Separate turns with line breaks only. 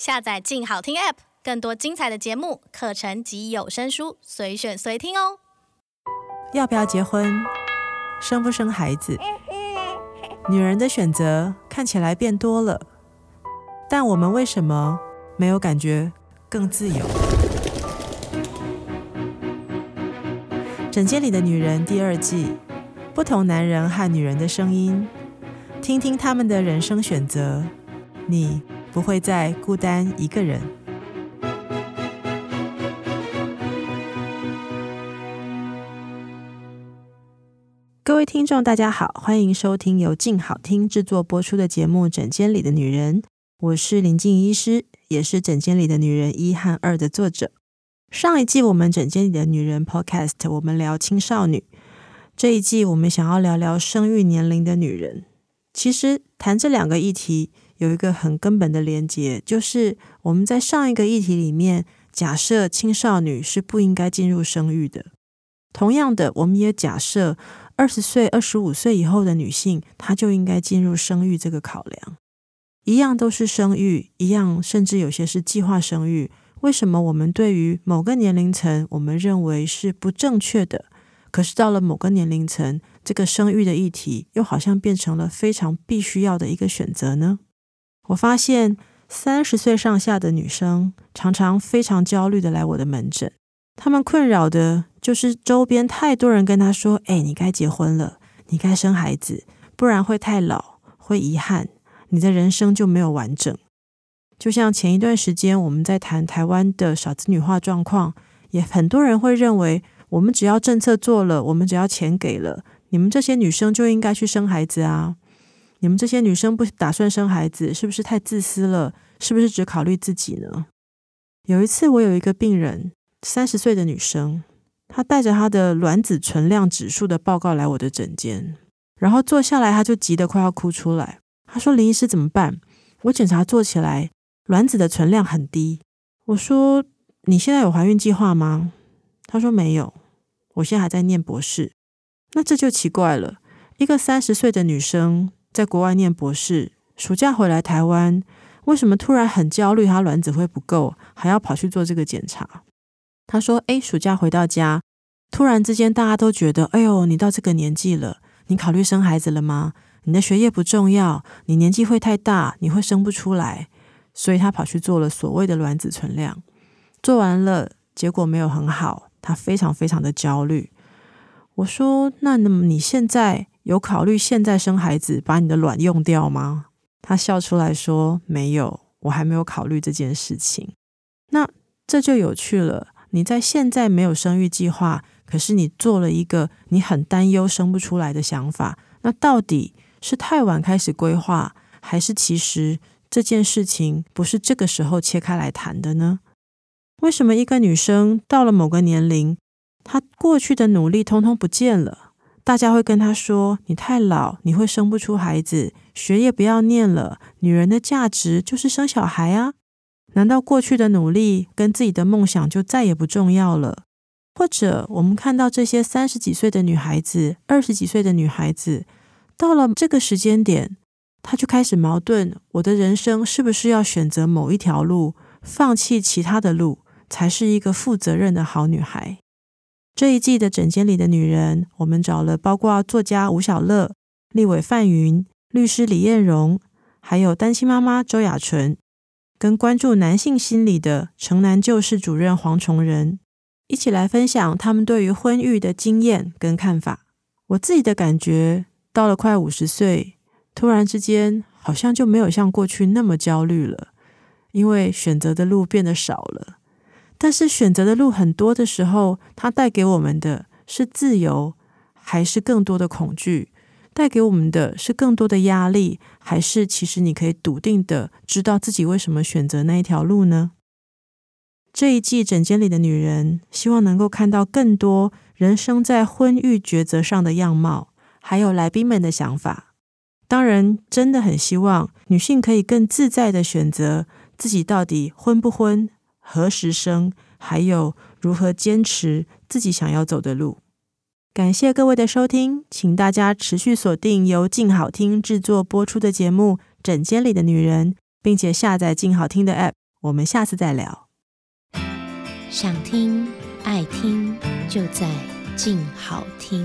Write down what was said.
下載“靜好聽 ”App，更多精彩的節目、課程及有聲書，隨選隨聽哦。要不要結婚？生不生孩子？女人的選擇看起來變多了，但我們為什麼沒有感覺更自由？《診間裡的女人》第二季，不同男人和女人的聲音，聽聽他們的人生選擇，你不會再孤單一個人。各位聽眾，大家好，歡迎收聽由靜好聽制作播出的節目《診間裡的女人》。我是林靜儀醫師，也是《診間裡的女人》一和二的作者。上一季我們《診間裡的女人》Podcast，我們聊青少女；這一季我們想要聊聊生育年齡的女人。其實談這兩個議題。有一個很根本的連結，就是我們在上一個議題裡面假設青少女是不應該進入生育的。同樣的，我們也假設二十歲、二十五歲以後的女性，她就應該進入生育這個考量。一樣都是生育，一樣甚至有些是計劃生育。為什麼我們對於某個年齡層我們認為是不正確的，可是到了某個年齡層，這個生育的議題又好像變成了非常必須要的一個選擇呢？我發現三十歲上下的女生常常非常焦慮的來我的門診，她們困擾的就是周邊太多人跟她說：“哎、欸，你該結婚了，你該生孩子，不然會太老，會遺憾，你的人生就沒有完整。”就像前一段時間我們在談台灣的少子女化狀況，也很多人會認為，我們只要政策做了，我們只要錢給了，你們這些女生就應該去生孩子啊。你們這些女生不打算生孩子，是不是太自私了？是不是只考慮自己呢？有一次，我有一個病人，三十歲的女生，她帶着她的卵子存量指數的報告來我的診間，然後坐下來，她就急得快要哭出來。她說：“林醫師，怎麼辦？我檢查做起來，卵子的存量很低。”我說：“你現在有懷孕計劃嗎？”她說：“沒有。”我現在還在念博士。那這就奇怪了，一個三十歲的女生。在國外念博士，暑假回來台灣，為什麼突然很焦慮？他卵子會不夠，還要跑去做這個檢查。他說：“誒，暑假回到家，突然之間大家都覺得，哎呦，你到這個年紀了，你考慮生孩子了嗎？你的學業不重要，你年紀會太大，你會生不出來。”所以他跑去做了所謂的卵子存量，做完了，結果沒有很好，他非常非常的焦慮。我說：“那那麼你現在？”有考慮現在生孩子把你的卵用掉嗎？他笑出來說：“沒有，我還沒有考慮這件事情。”那這就有趣了。你在現在沒有生育計劃，可是你做了一個你很擔憂生不出來的想法。那到底是太晚開始規劃，還是其實這件事情不是這個時候切開來談的呢？為什麼一個女生到了某個年齡，她過去的努力通通不見了？大家會跟她說：“你太老，你會生不出孩子，學業不要念了。女人的價值就是生小孩啊。難道過去的努力跟自己的夢想就再也不重要了？或者我們看到這些三十幾歲的女孩子、二十幾歲的女孩子，到了這個時間點，她就開始矛盾：我的人生是不是要選擇某一條路，放棄其他的路，才是一個負責任的好女孩？”這一季的《診間裡的女人》，我們找了包括作家吳曉樂、立委范雲、律師李艷榮，還有單親媽媽周雅淳，跟關注男性心理的城男舊事主任黃重仁，一起來分享他們對於婚育的經驗跟看法。我自己的感覺，到了快五十歲，突然之間好像就沒有像過去那麼焦慮了，因為選擇的路變得少了。但是選擇的路很多的時候，它帶給我們的是自由，還是更多的恐懼？帶給我們的是更多的壓力，還是其實你可以篤定的知道自己為什麼選擇那一條路呢？這一季《診間裡的女人》希望能夠看到更多人生在婚育抉擇上的樣貌，還有來賓們的想法。當然，真的很希望女性可以更自在的選擇自己到底婚不婚。何時生？還有如何堅持自己想要走的路？感謝各位的收聽，請大家持續鎖定由靜好聽製作播出的節目《診間裡的女人》，並且下載靜好聽的 App。我們下次再聊。想聽愛聽，就在靜好聽。